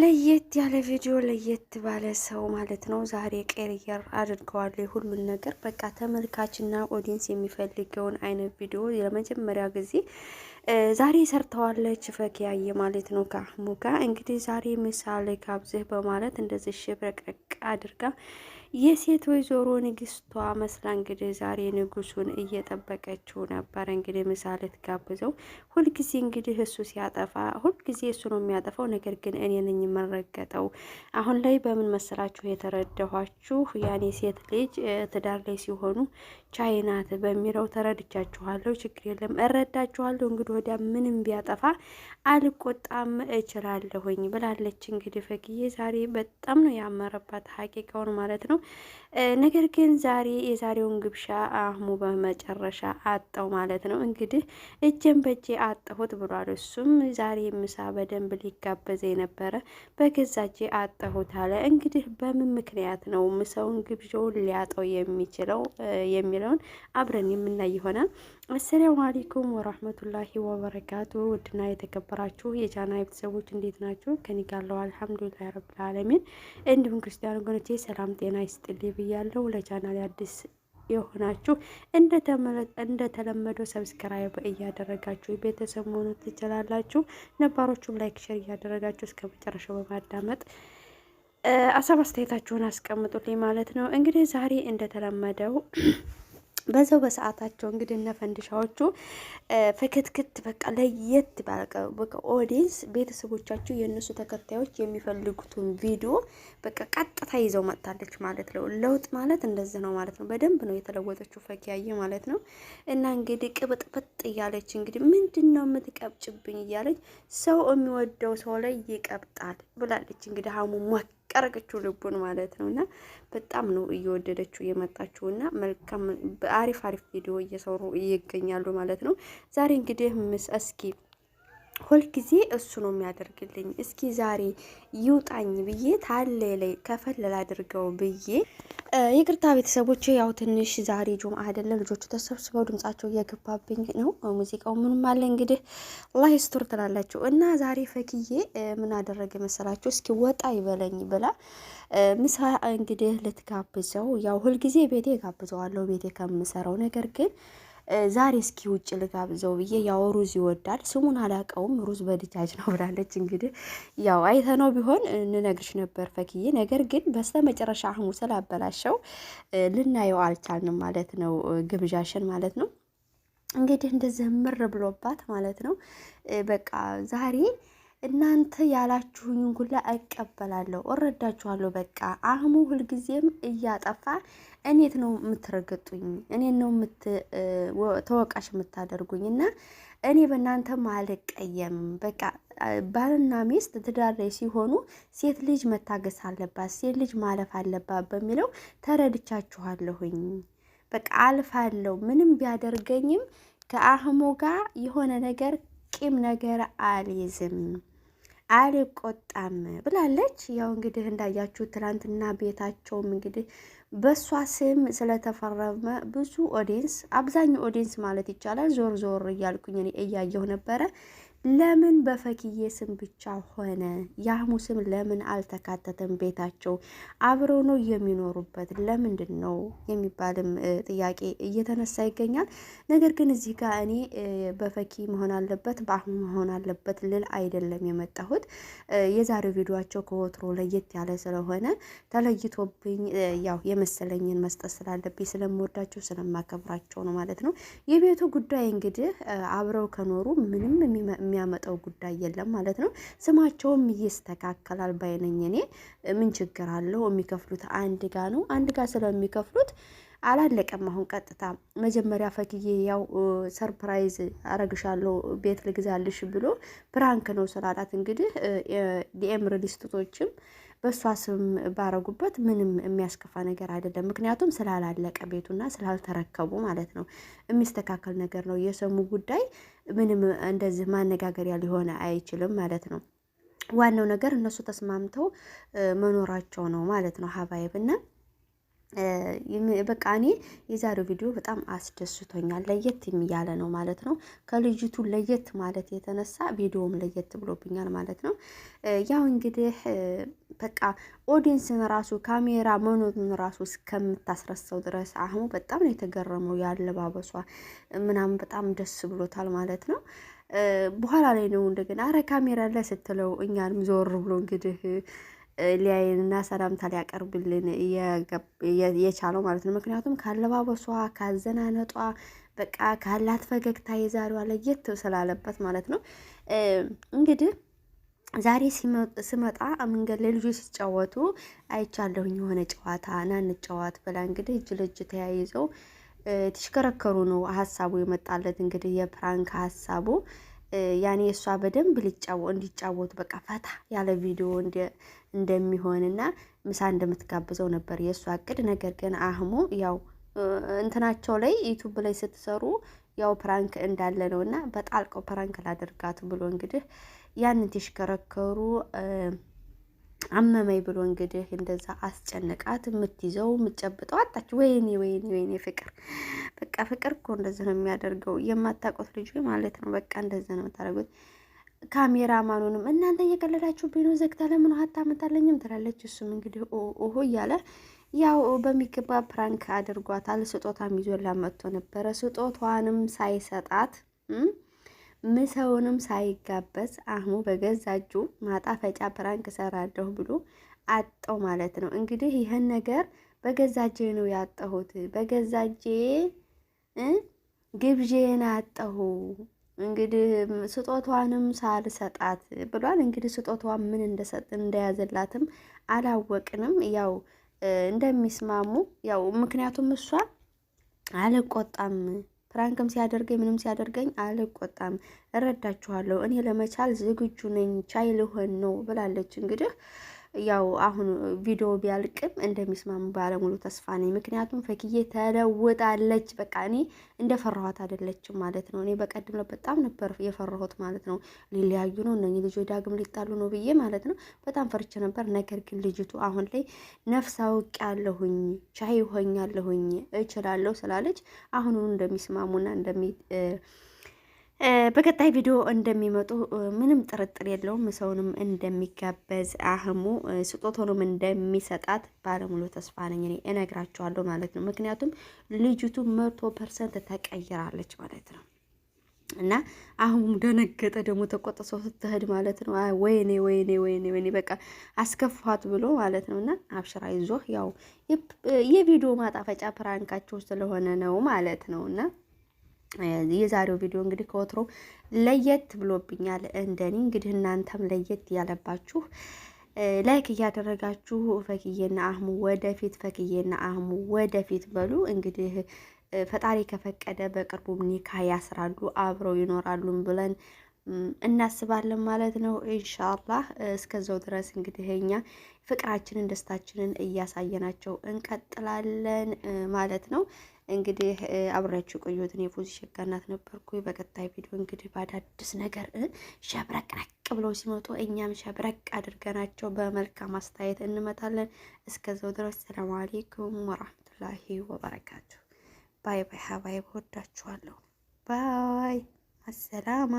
ለየት ያለ ቪዲዮ ለየት ባለ ሰው ማለት ነው። ዛሬ ቀርየር አድርገዋል ሁሉን ነገር በቃ ተመልካችና ኦዲንስ የሚፈልገውን አይነት ቪዲዮ ለመጀመሪያ ጊዜ ዛሬ ሰርተዋለች ፈኪያዬ ማለት ነው። ከአህሙ ጋር እንግዲህ ዛሬ ምሳሌ ጋብዝህ በማለት እንደዚህ ሽብረቅረቅ አድርጋ የሴት ወይዘሮ ንግስቷ መስላ እንግዲህ ዛሬ ንጉሱን እየጠበቀችው ነበር። እንግዲህ ምሳ ልትጋብዘው ሁልጊዜ እንግዲህ እሱ ሲያጠፋ ሁልጊዜ እሱ ነው የሚያጠፋው፣ ነገር ግን እኔ ነኝ የምረገጠው። አሁን ላይ በምን መሰላችሁ የተረዳኋችሁ? ያኔ ሴት ልጅ ትዳር ላይ ሲሆኑ ቻይናት በሚለው ተረድቻችኋለሁ። ችግር የለም እረዳችኋለሁ። እንግዲህ ወዲያ ምንም ቢያጠፋ አልቆጣም እችላለሁኝ ብላለች። እንግዲህ ፈግዬ ዛሬ በጣም ነው ያመረባት ሀቂቃውን ማለት ነው። ነው። ነገር ግን ዛሬ የዛሬውን ግብሻ አህሙ በመጨረሻ አጣው ማለት ነው። እንግዲህ እጄን በእጄ አጣሁት ብሏል። እሱም ዛሬ ምሳ በደንብ ሊጋበዘ የነበረ በገዛ እጄ አጣሁት አለ። እንግዲህ በምን ምክንያት ነው ምሳውን ግብዣውን ሊያጣው የሚችለው የሚለውን አብረን የምናይ ይሆናል። አሰላሙ አሌይኩም ወራህመቱላሂ ወበረካቱ። ውድና የተከበራችሁ የቻና ቤተሰቦች እንዴት ናችሁ? ከኒጋለው አልሐምዱሊላህ ረብል ዓለሚን። እንዲሁም ክርስቲያን ወገኖቼ ሰላም ጤና ይስጥልኝ ብያለሁ። ለቻናል አዲስ የሆናችሁ እንደተለመደው ሰብስክራይብ እያደረጋችሁ ቤተሰብ መሆኑ ትችላላችሁ። ነባሮቹም ላይክ፣ ሼር እያደረጋችሁ እስከ መጨረሻው በማዳመጥ አሳብ አስተያየታችሁን አስቀምጡልኝ ማለት ነው። እንግዲህ ዛሬ እንደተለመደው በዛው በሰዓታቸው እንግዲህ እነ ፈንድሻዎቹ ፍክትክት በቃ ለየት በቃ ኦዲየንስ ቤተሰቦቻቸው የእነሱ ተከታዮች የሚፈልጉትን ቪዲዮ በቃ ቀጥታ ይዘው መጥታለች ማለት ነው። ለውጥ ማለት እንደዚህ ነው ማለት ነው። በደንብ ነው የተለወጠችው ፈኪያዬ ማለት ነው። እና እንግዲህ ቅብጥብጥ እያለች እንግዲህ ምንድን ነው የምትቀብጭብኝ እያለች ሰው የሚወደው ሰው ላይ ይቀብጣል ብላለች እንግዲህ ሀሙ ሞክ አረገችው ልቡን ማለት ነው። እና በጣም ነው እየወደደችው የመጣችው እና መልካም አሪፍ አሪፍ ቪዲዮ እየሰሩ ይገኛሉ ማለት ነው። ዛሬ እንግዲህ ምስ እስኪ ሁልጊዜ እሱ ነው የሚያደርግልኝ። እስኪ ዛሬ ይውጣኝ ብዬ ታለ ላይ ከፈለል አድርገው ብዬ ይቅርታ ቤተሰቦች፣ ያው ትንሽ ዛሬ ጁም አይደለ ልጆቹ ተሰብስበው ድምጻቸው እየገባብኝ ነው። ሙዚቃው ምንም አለ እንግዲህ ላይ ስቶር ትላላችሁ እና ዛሬ ፈክዬ ምን አደረገ መሰላችሁ? እስኪ ወጣ ይበለኝ ብላ ምሳ እንግዲህ ልትጋብዘው ያው ሁልጊዜ ቤቴ ጋብዘዋለሁ ቤቴ ከምሰራው ነገር ግን ዛሬ እስኪ ውጭ ልጋብዘው ብዬ ያው ሩዝ ይወዳል። ስሙን አላቀውም፣ ሩዝ በድጃጅ ነው ብላለች። እንግዲህ ያው አይተነው ቢሆን እንነግርሽ ነበር ፈክዬ፣ ነገር ግን በስተ መጨረሻ አህሙ ስላበላሸው ልናየው አልቻልንም ማለት ነው፣ ግብዣሽን ማለት ነው። እንግዲህ እንደዘምር ብሎባት ማለት ነው። በቃ ዛሬ እናንተ ያላችሁኝ ሁላ እቀበላለሁ፣ እረዳችኋለሁ። በቃ አህሙ ሁልጊዜም እያጠፋ እኔት ነው የምትረግጡኝ፣ እኔት ነው ተወቃሽ የምታደርጉኝ እና እኔ በእናንተ አልቀየም። በቃ ባልና ሚስት ትዳር ላይ ሲሆኑ ሴት ልጅ መታገስ አለባት፣ ሴት ልጅ ማለፍ አለባት በሚለው ተረድቻችኋለሁኝ። በቃ አልፋለሁ። ምንም ቢያደርገኝም ከአህሙ ጋር የሆነ ነገር ቂም ነገር አልይዝም። አልቆጣም ብላለች። ያው እንግዲህ እንዳያችሁ ትናንትና ቤታቸውም እንግዲህ በእሷ ስም ስለተፈረመ ብዙ ኦዲንስ አብዛኛው ኦዲንስ ማለት ይቻላል ዞር ዞር እያልኩኝ እያየሁ ነበረ ለምን በፈኪዬ ስም ብቻ ሆነ? የአህሙ ስም ለምን አልተካተተም? ቤታቸው አብረው ነው የሚኖሩበት ለምንድን ነው የሚባልም ጥያቄ እየተነሳ ይገኛል። ነገር ግን እዚህ ጋር እኔ በፈኪ መሆን አለበት በአህሙ መሆን አለበት ልል አይደለም የመጣሁት። የዛሬው ቪዲዮቸው ከወትሮ ለየት ያለ ስለሆነ ተለይቶብኝ ያው የመሰለኝን መስጠት ስላለብኝ ስለምወዳቸው ስለማከብራቸው ነው ማለት ነው። የቤቱ ጉዳይ እንግዲህ አብረው ከኖሩ ምንም የሚያመጣው ጉዳይ የለም ማለት ነው። ስማቸውም ይስተካከላል ባይነኝ እኔ ምን ችግር አለው? የሚከፍሉት አንድ ጋ ነው። አንድ ጋ ስለሚከፍሉት አላለቀም። አሁን ቀጥታ መጀመሪያ ፈክዬ ያው ሰርፕራይዝ አረግሻለሁ ቤት ልግዛልሽ ብሎ ፕራንክ ነው ስላላት እንግዲህ ዲኤም ሪሊስቶችም በእሷ ስም ባረጉበት ምንም የሚያስከፋ ነገር አይደለም። ምክንያቱም ስላላለቀ ቤቱና ስላልተረከቡ ማለት ነው። የሚስተካከል ነገር ነው። የሰሙ ጉዳይ ምንም እንደዚህ ማነጋገሪያ ሊሆን አይችልም ማለት ነው። ዋናው ነገር እነሱ ተስማምተው መኖራቸው ነው ማለት ነው ሀባይብና በቃ እኔ የዛሬው ቪዲዮ በጣም አስደስቶኛል። ለየት ያለ ነው ማለት ነው። ከልጅቱ ለየት ማለት የተነሳ ቪዲዮም ለየት ብሎብኛል ማለት ነው። ያው እንግዲህ በቃ ኦዲንስን ራሱ ካሜራ መኖቱን ራሱ እስከምታስረሳው ድረስ አህሙ በጣም ነው የተገረመው። ያለባበሷ ምናምን በጣም ደስ ብሎታል ማለት ነው። በኋላ ላይ ነው እንደገና አረ ካሜራ ላይ ስትለው እኛንም ዞር ብሎ እንግዲህ ሊያይንና ሰላምታ ሊያቀርብልን የቻለው ማለት ነው። ምክንያቱም ካለባበሷ፣ ካዘናነጧ በቃ ካላት ፈገግታ የዛሬዋ ለየት ስላለበት ማለት ነው። እንግዲህ ዛሬ ስመጣ መንገድ ላይ ልጆች ሲጫወቱ አይቻለሁኝ። የሆነ ጨዋታ ና እንጫወት ብላ እንግዲህ እጅ ለእጅ ተያይዘው ተሽከረከሩ ነው ሀሳቡ የመጣለት እንግዲህ የፕራንክ ሀሳቡ ያኔ እሷ በደንብ እንዲጫወቱ በቃ ፈታ ያለ ቪዲዮ እንደሚሆንና ምሳ እንደምትጋብዘው ነበር የእሷ እቅድ። ነገር ግን አህሙ ያው እንትናቸው ላይ ዩቱብ ላይ ስትሰሩ ያው ፕራንክ እንዳለ ነው እና በጣልቀው ፕራንክ ላደርጋት ብሎ እንግዲህ ያንን ትሽከረከሩ አመመኝ ብሎ እንግዲህ እንደዛ አስጨነቃት። የምትይዘው የምትጨብጠው አጣች። ወይኔ ወይኔ ወይኔ ፍቅር በቃ ፍቅር እኮ እንደዚህ ነው የሚያደርገው። የማታውቁት ልጅ ማለት ነው በቃ እንደዚህ ነው የምታደርጉት። ማኑንም እናንተ እየቀለዳችሁ ቢኖ ዘግታ ለምን አታመጣለኝም ትላለች። እሱም እንግዲህ ኦሆ እያለ ያው በሚገባ ፕራንክ አድርጓታል። ስጦታም ይዞላት መጥቶ ነበረ። ስጦቷንም ሳይሰጣት ምሰውንም ሳይጋበዝ አህሙ በገዛ እጁ ማጣፈጫ ፕራንክ ሰራለሁ ብሎ አጠው ማለት ነው። እንግዲህ ይህን ነገር በገዛ እጄ ነው ያጠሁት፣ በገዛ እጄ ግብዤን አጠሁ፣ እንግዲህ ስጦቷንም ሳልሰጣት ብሏል። እንግዲህ ስጦቷ ምን እንደሰጥ እንደያዘላትም አላወቅንም። ያው እንደሚስማሙ ያው ምክንያቱም እሷ አልቆጣም ፍራንክም ሲያደርገኝ ምንም ሲያደርገኝ አልቆጣም፣ እረዳችኋለሁ፣ እኔ ለመቻል ዝግጁ ነኝ፣ ቻይ ልሆን ነው ብላለች እንግዲህ ያው አሁን ቪዲዮ ቢያልቅም እንደሚስማሙ ባለሙሉ ተስፋ ነኝ። ምክንያቱም ፈክዬ ተለውጣለች። በቃ እኔ እንደ ፈራኋት አይደለችም ማለት ነው። እኔ በቀደም በጣም ነበር የፈራሁት ማለት ነው። ሊለያዩ ነው እነ ልጆ ዳግም ሊጣሉ ነው ብዬ ማለት ነው። በጣም ፈርቼ ነበር። ነገር ግን ልጅቱ አሁን ላይ ነፍስ አውቅ ያለሁኝ ቻይ ሆኛለሁኝ እችላለሁ ስላለች አሁኑኑ እንደሚስማሙና እንደሚ በቀጣይ ቪዲዮ እንደሚመጡ ምንም ጥርጥር የለውም። ሰውንም እንደሚጋበዝ አህሙ ስጦታውንም እንደሚሰጣት ባለሙሉ ተስፋ ነኝ እኔ እነግራችኋለሁ ማለት ነው። ምክንያቱም ልጅቱ መቶ ፐርሰንት ተቀይራለች ማለት ነው። እና አሁን ደነገጠ ደግሞ ተቆጠ ሰው ስትሄድ ማለት ነው። ወይኔ ወይኔ ወይኔ ወይኔ በቃ አስከፋት ብሎ ማለት ነው። እና አብሽራ ይዞህ ያው የቪዲዮ ማጣፈጫ ፕራንካቸው ስለሆነ ነው ማለት ነው እና የዛሬው ቪዲዮ እንግዲህ ከወትሮ ለየት ብሎብኛል። እንደኔ እንግዲህ እናንተም ለየት ያለባችሁ ላይክ እያደረጋችሁ ፈክዬና አህሙ ወደፊት፣ ፈክዬና አህሙ ወደፊት በሉ እንግዲህ ፈጣሪ ከፈቀደ በቅርቡ ኒካ ያስራሉ፣ አብረው ይኖራሉም ብለን እናስባለን ማለት ነው። ኢንሻአላህ እስከዛው ድረስ እንግዲህ እኛ ፍቅራችንን ደስታችንን እያሳየናቸው እንቀጥላለን ማለት ነው። እንግዲህ አብሬያችሁ ቆየሁት። እኔ ፎዚ ሸጋ ነበርኩ። በቀጣይ ቪዲዮ እንግዲህ በአዳዲስ ነገር ሸብረቅረቅ ብለው ሲመጡ እኛም ሸብረቅ አድርገናቸው በመልካም አስተያየት እንመጣለን። እስከዛው ድረስ ሰላም አሌይኩም ወራህመቱላሂ ወበረካቱ። ባይ ባይ፣ ሀባይ፣ ወዳችኋለሁ። ባይ አሰላማ